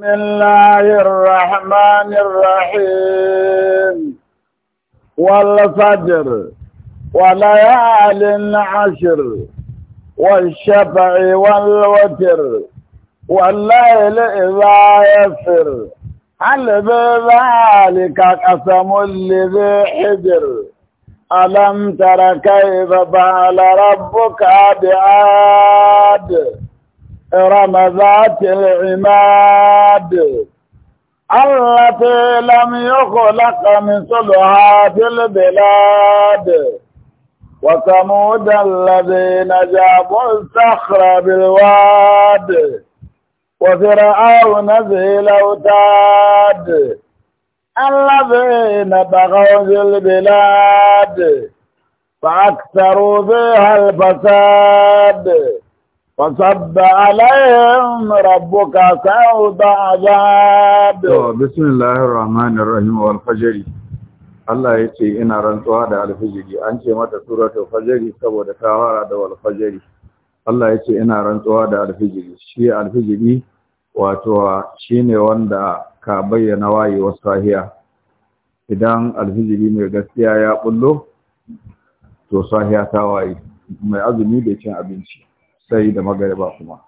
بسم الله الرحمن الرحيم والفجر وليال العشر والشفع والوتر والليل إذا يسر هل بذلك قسم لذي حجر ألم تر كيف فعل ربك بعاد إرم ذات العماد التي لم يخلق صلها في البلاد وثمود الذين جابوا الصخر بالواد وفرعون ذي الأوتاد الذين بغوا في البلاد فأكثروا فيها الفساد فصب عليهم ربك سوط عذاب بسم الله الرحمن الرحيم والفجر Allah ya ce ina rantsuwa da alfijiri an ce mata suratul fajri saboda ta fara da wal Allah ya ce ina rantsuwa da alfijiri shi alfijiri wato shine wanda ka bayyana wayewar sahiya idan alfijiri mai gaskiya ya bullo to sahiya ta waye mai azumi da cin abinci sai da magariba kuma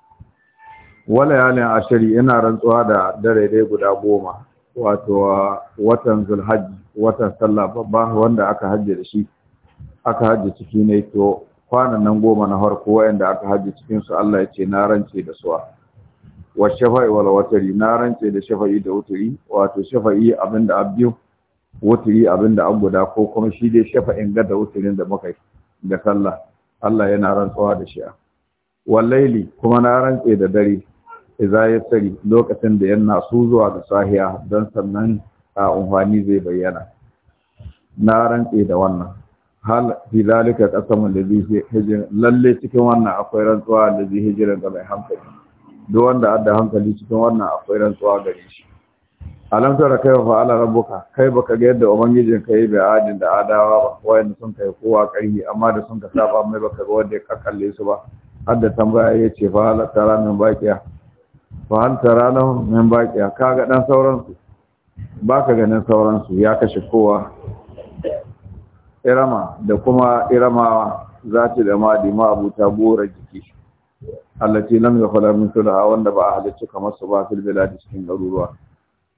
wala yalin ashiri ina rantsuwa da dare dai guda goma wato uh, watan zulhajj watan sallah babba wanda aka hajji da shi aka hajji ciki ne to kwanan nan goma na harko wayanda aka hajji cikin su Allah ya ce na rance da suwa wa shafa'i wala watari na rance da shafa'i da wuturi wato shafa'i abinda abbiyu wuturi abinda an guda ko kuma shi dai shafa'in ga da wuturin da muka da sallah Allah yana rantsuwa da shi a wallaili kuma na rantse da dare ya tsari lokacin da yana su zuwa ga sahiya don sannan a umfani zai bayyana na rantse da wannan hal fi zalika da zai hijira. lalle cikin wannan akwai rantsuwa zai hijran da mai hankali duk wanda adda hankali cikin wannan akwai rantsuwa gare shi alam tara kai fa ala rabbuka kai baka ga yadda ubangijin ka yi adin da adawa ba wayan sun kai kowa karhi amma da sun ka saba mai baka ga wanda ya kakkalle su ba adda tambaya ya ce fa hal tara min baqiya fa hal tara lahum min baqiya kaga dan sauran su baka ganin sauran su ya kashe kowa irama da kuma iramawa zati da madi ma ta gora jiki allati lam yakhla min sulaha wanda ba a halicci kamar su ba fil bilad cikin garuruwa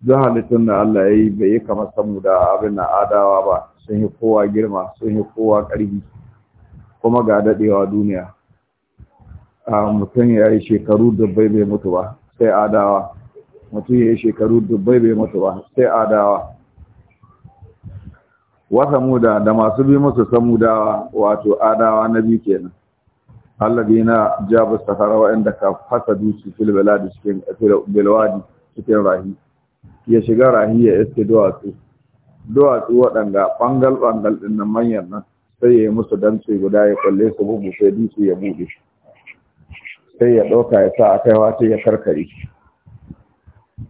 duk halittun da Allah ya yi bai yi kamar samu da abin na adawa ba sun yi kowa girma sun yi kowa ƙarfi kuma ga daɗewa duniya mutum ya yi shekaru dubbai bai mutu ba sai adawa mutum ya yi shekaru dubbai bai mutu ba sai adawa Wata muda, da masu bi musu samudawa wato adawa na biyu kenan alladina jabu sahara wa'anda ka fasa dusu filbeladi cikin belwadi cikin rahi ya shiga rahi ya iske duwatsu duwatsu waɗanda ɓangal-ɓangal ɗin nan manyan nan sai ya yi musu dantse guda ya kwalle su bugu sai dusu ya buɗe shi sai ya ɗauka ya sa a kaiwa sai ya karkare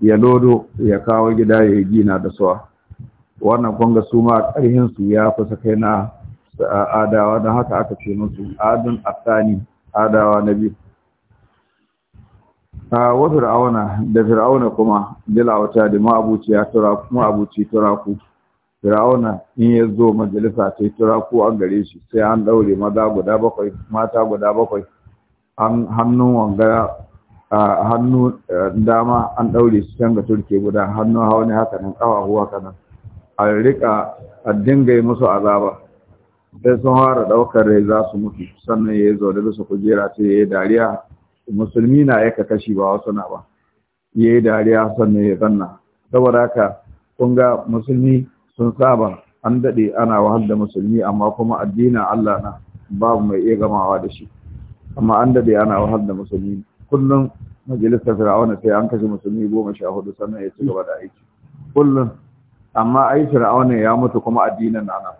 ya lodo ya kawo gida ya gina da suwa wannan kunga su ma ƙarhinsu ya kusa kai na adawa don haka aka ce musu adun asani adawa na biyu a fir'auna da fir'auna kuma dilawata da ma'abuciya turaku ma'abuci turaku fir'auna in ya zo majalisa sai turaku an gare shi sai an ɗaure maza guda bakwai mata guda bakwai an wangara a hannu dama an ɗaure su can ga turke guda hannu hawa ne haka nan huwa ka nan a rika a dinga musu azaba sai sun fara ɗaukar rai za su mutu sannan ya yi zaune bisa kujera ce ya yi dariya musulmi na yaka kashi ba wasu na ba ya yi dariya sannan ya zanna saboda haka kun ga musulmi sun saba an daɗe ana wahal da musulmi amma kuma addinin Allah na babu mai iya gamawa da shi amma an dade ana wahal da musulmi kullum majalisar fir'auna sai an kashe musulmi goma sha hudu sannan ya ci gaba da aiki kullum amma ai fir'auna ya mutu kuma addinin na ana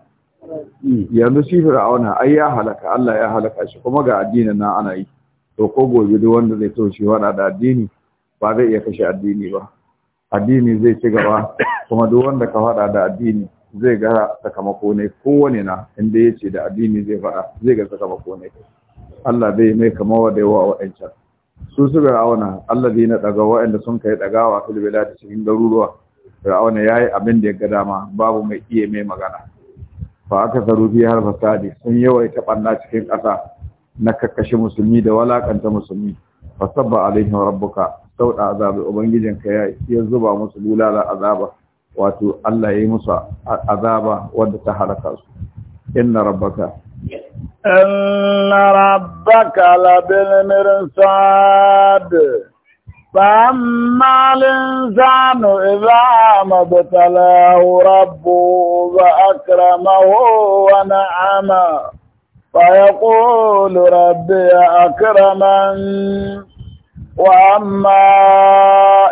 yanzu shi fir'auna ai ya halaka Allah ya halaka shi kuma ga addinin na ana yi to ko gobe duk wanda zai to da addini ba zai iya kashe addini ba addini zai ci gaba kuma duk wanda ka fada da addini zai ga sakamako ne kowane na inda yace da addini zai fada zai ga sakamako ne Allah zai mai kama wa da yawa wa'ancan su su Allah bai na daga wa'anda sun kai wa fil da cikin garuruwa fir'auna yayi abin da ya ga dama babu mai iya mai magana Ba aka saru biya har fasadi sun yawaita ɓanna cikin ƙasa na kakkashi musulmi da walakanta musulmi fa sabba alaihim rabbuka da azabi ubangijin ka ya ya zuba musu bulala azaba wato Allah ya yi musu azaba wanda ta halaka su inna rabbaka إن ربك لبالمرصاد فأما الإنسان إذا ما ابتلاه ربه فأكرمه ونعمه فيقول ربي أكرمن وأما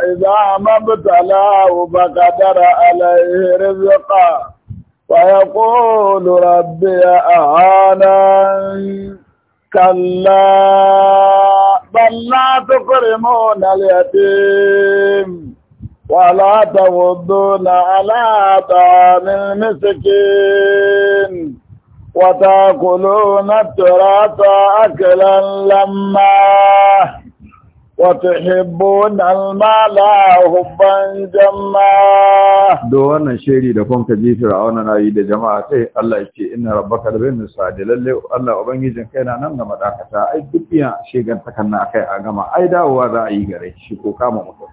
إذا ما ابتلاه فقدر عليه رزقه ويقول ربي أهانن كلا بل لا تكرمون اليتيم ولا تودون على طعام المسكين وتأكلون التراث أكلا لما وتحبون المال حبا جما دو wannan shiri da kun ka ji Fir'auna na yi da jama'a sai Allah yake inna rabbaka la bin sadi lalle Allah ubangijin kai na nan ga madakata ai dubiya shegan takan na kai a gama ai dawowa za a yi gare shi ko kama mutum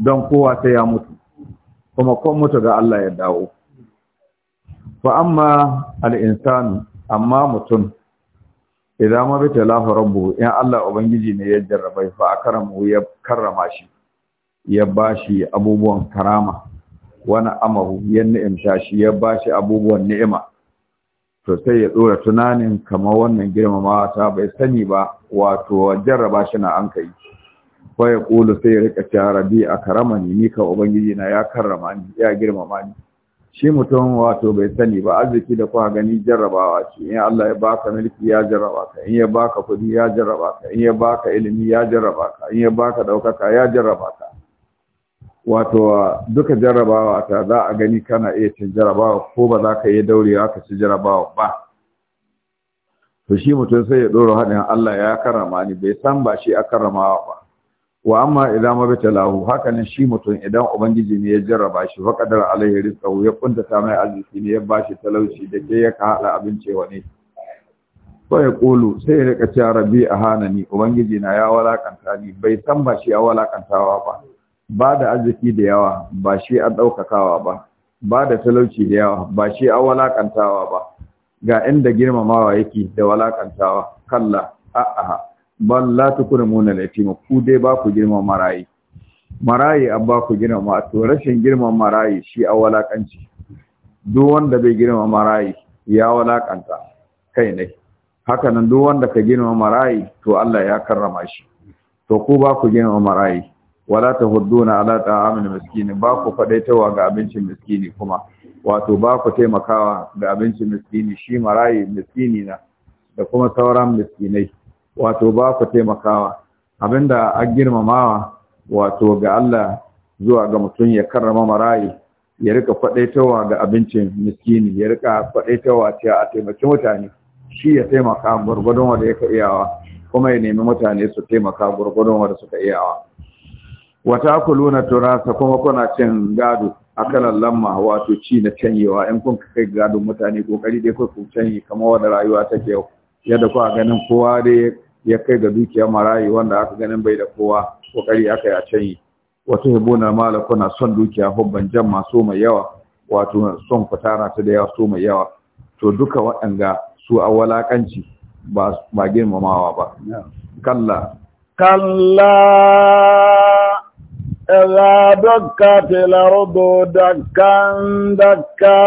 don kowa sai ya mutu kuma kon mutu ga Allah ya dawo fa amma al-insanu amma mutum idan ma bi talafa rabbu in Allah ubangiji ne ya jarraba fa akaramu ya karrama shi ya bashi abubuwan karama wani amahu ya ni'imta shi ya bashi abubuwan ni'ima to sai ya dora tunanin kamar wannan girmamawa ta bai sani ba wato jarraba shi na an kai fa ya kulu sai ya rika cewa rabi karama ni ka ubangiji na ya karrama ni ya girmama ni shi mutum wato bai sani ba arziki da kuma gani jarrabawa ce in Allah ya baka mulki ya jarraba ka in ya baka kudi ya jarraba ka in ya baka ilimi ya jarraba ka in ya baka daukaka ya jarraba ka wato duka jarrabawa ta za a gani kana iya cin jarrabawa ko ba za ka iya daurewa ka ci jarrabawa ba to shi mutum sai ya ɗora haɗin Allah ya karama ni bai san ba shi a karamawa ba wa amma idan lahu haka nan shi mutum idan ubangiji ne ya jarraba shi wa qadara alaihi rizqahu ya ta mai arziki ne ya bashi talauci da ke ya kada abinci wani fa ya kulu sai ya rika cewa rabbi ahanani ubangiji na ya walakanta ni bai san ba shi ya walakantawa ba ba da arziki da yawa ba shi a daukakawa ba ba da talauci da yawa ba shi a walakantawa ba ga inda girmamawa yake da walakantawa kalla a'a bal la tukrimuna al-yatima ku dai ba ku girma marayi marayi ba ku girma to rashin girma marayi shi a walakanci duk wanda bai girma marayi ya walakanta kai ne haka nan duk wanda ka girma marayi to Allah ya karrama shi to ku ba ku girma marayi wala tahudduna ala amin miskini ba ku fadaitawa ga abincin miskini kuma wato ba ku taimakawa ga abincin miskini shi marayi miskini na da kuma sauran miskinai wato ba ku taimakawa abinda a girmamawa wato ga Allah zuwa ga mutum ya karrama marayi ya rika faɗaitawa ga abincin miskini ya rika faɗaitawa cewa a taimaki mutane shi ya taimaka gwargwadon wanda ya iyawa kuma ya nemi mutane su taimaka gwargwadon wanda suka iyawa wata na turasa kuma kuna cin gado a kanan lamma wato ci na canyewa in kun kai gado mutane kokari dai ku canye kamar wanda rayuwa take yau yadda kuwa ganin kowa dai ya kai ga dukiyar marayi wanda aka ganin bai da kowa kokari aka yi a can canyi wato hibuna mala na son dukiya hubban jamma so mai yawa wato son na ta da yawa su mai yawa to duka waɗanda su a walakanci ba ba girmamawa ba kalla kalla idza dakkat al-ardu dakkan dakka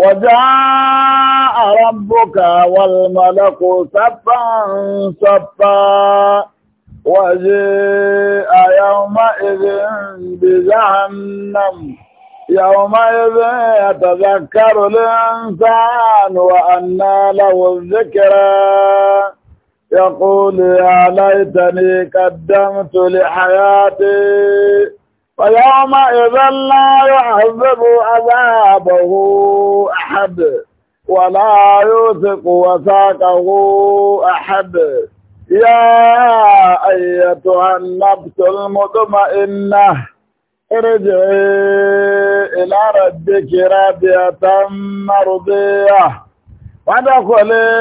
وجاء ربك والملك صفا صفا وجاء يومئذ بجهنم يومئذ يتذكر الإنسان وأنى له الذكرى يقول يا ليتني قدمت لحياتي إذا لا يعذب عذابه أحد ولا يوثق وثاقه أحد يا أيتها النبت المطمئنة ارجعي إلى ربك راضية مرضية وادخلي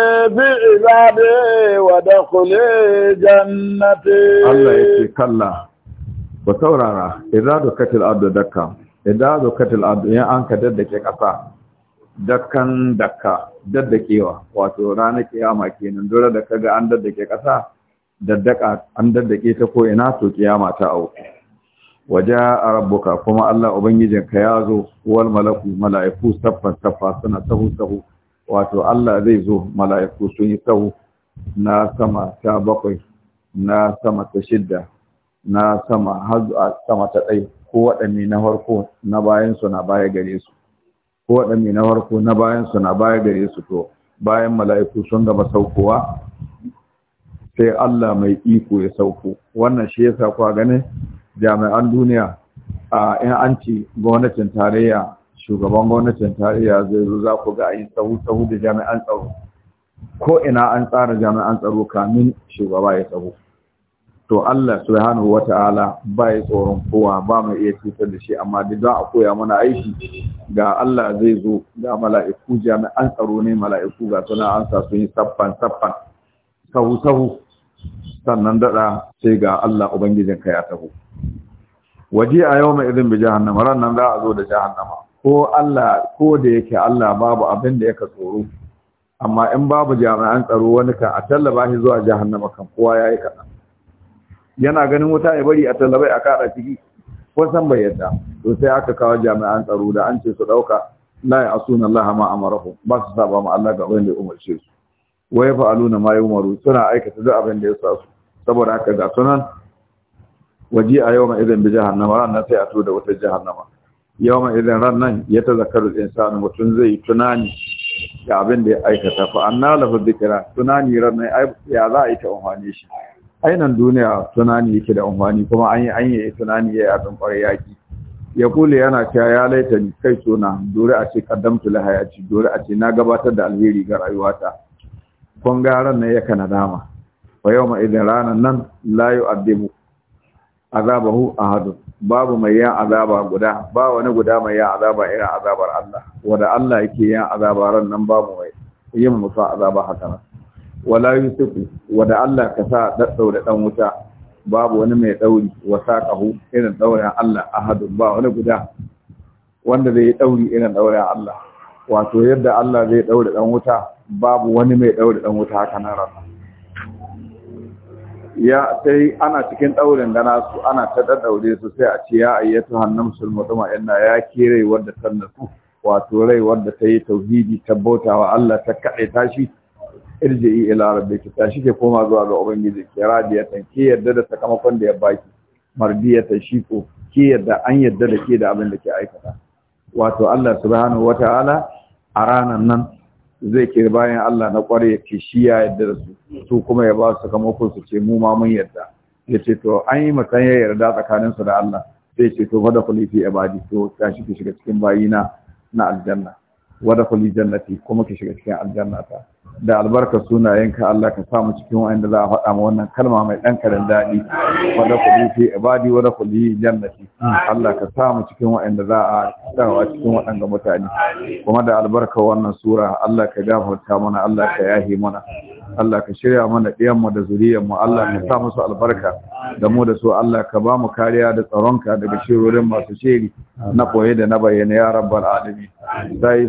بعبادي وادخلي جنتي الله يكفيك الله ku saurara idza dukatil ardu dakka idza dukatil ardu ya an ka daddake kasa dakkan dakka daddakewa wato ranar kiyama kenan dole da kaga an daddake kasa daddaka an daddake ta ko ina to kiyama ta au. waje a rabbuka kuma Allah ubangijin ya zo wal malaku mala'iku saffan saffa suna tahu tahu wato Allah zai zo mala'iku sun yi tahu na sama ta bakwai na sama ta shidda na sama har zuwa sama ta ɗai ko waɗanne na farko na bayan su na baya gare su ko waɗanne na farko na bayan su na baya gare su to bayan mala'iku sun gaba saukowa sai Allah mai iko ya sauko wannan shi yasa kwa ganin jami'an duniya a in an ci gwamnatin tarayya shugaban gwamnatin tarayya zai zo za ku ga a yi sahu-sahu da jami'an tsaro ko ina an tsara jami'an tsaro kamin shugaba ya tsaho to Allah subhanahu wata'ala ba ya tsoron kowa ba mu iya cutar da shi amma da za a koya mana aiki ga Allah zai zo ga mala'iku jami'an tsaro ne mala'iku ga suna an sa sun yi saffan saffan sahu sahu sannan dada sai ga Allah ubangijin ka ya taho waje a yau mai irin bi jahannama ran nan za a zo da jahannama ko Allah ko da yake Allah babu abin da yake tsoro amma in babu jami'an tsaro wani kan a tallaba shi zuwa jahannama kan kowa yayi kaɗan yana ganin wuta ya bari a talabai a kada ciki ko san bai yadda to sai aka kawo jami'an tsaro da an ce su dauka la ya asuna Allah ma amarahu ba su saba ma Allah ga wanda ya umarce su wa yaf'aluna ma yumaru suna aikata duk abin da ya sa su saboda haka ga sunan waji a yawma idan bi jahannama nan sai a to da wata jahannama yawma idan ran nan ya tazakkaru insanu mutun zai tunani ga abin da ya aikata fa anna lahu dhikra tunani nan ya za a yi ta umhane shi ainihin duniya tunani yake da amfani kuma an yi an tunani ya yi abin kwarai yaƙi ya kule yana cewa ya laita ni kai suna dore a ce lahaya ce, dore a ce na gabatar da alheri ga rayuwata kun ga ran nan yaka nadama wa yau idan ranar nan la yu'adhibu azabahu ahadun babu mai yan azaba guda ba wani guda mai yan azaba irin azabar Allah wanda Allah yake yan azaba ran nan babu mai yin musa azaba haka wala yusufu wada Allah ka sa daddau da dan wuta babu wani mai dauri wa saqahu irin daurin Allah ahadu ba wani guda wanda zai dauri irin daurin Allah wato yadda Allah zai daure dan wuta babu wani mai daure dan wuta haka na rana ya sai ana cikin daurin gana su ana ta daddaure su sai a ce ya ayyatu hannamsul mutuma inna ya kire wanda tannatu wato rai wanda ta yi tauhidi ta wa Allah ta kade tashi irji'i ila rabbiki tashi ke koma zuwa ga ubangiji ki radiyatan ki yarda da sakamakon da ya baki mardiyatan shi ko ki yarda an yarda da ke da abin da ke aikata wato Allah subhanahu wataala a ranan nan zai ke bayan Allah na kware ke shi ya yarda da su su kuma ya ba su sakamakon su ce mu ma mun yarda ya ce to an yi mutan ya yarda tsakanin su da Allah sai ce to fada kuli fi ibadi to ta ki shiga cikin bayina na aljanna wada kuli jannati kuma ki shiga cikin aljannata da albarka sunayenka Allah ka samu cikin wanda za a faɗa ma wannan kalma mai ɗan karen daɗi wanda yi fi ibadi wanda kuɗi jannati Allah ka samu cikin wanda za a dawa cikin waɗanda mutane kuma da albarka wannan sura Allah ka gafarta mana Allah ka yahi mana Allah ka shirya mana ɗiyanmu da zuriyanmu Allah ka sa musu albarka da mu da su Allah ka ba mu kariya da tsaronka daga shirorin masu shiri na koye da na bayyana ya rabbal alamin sai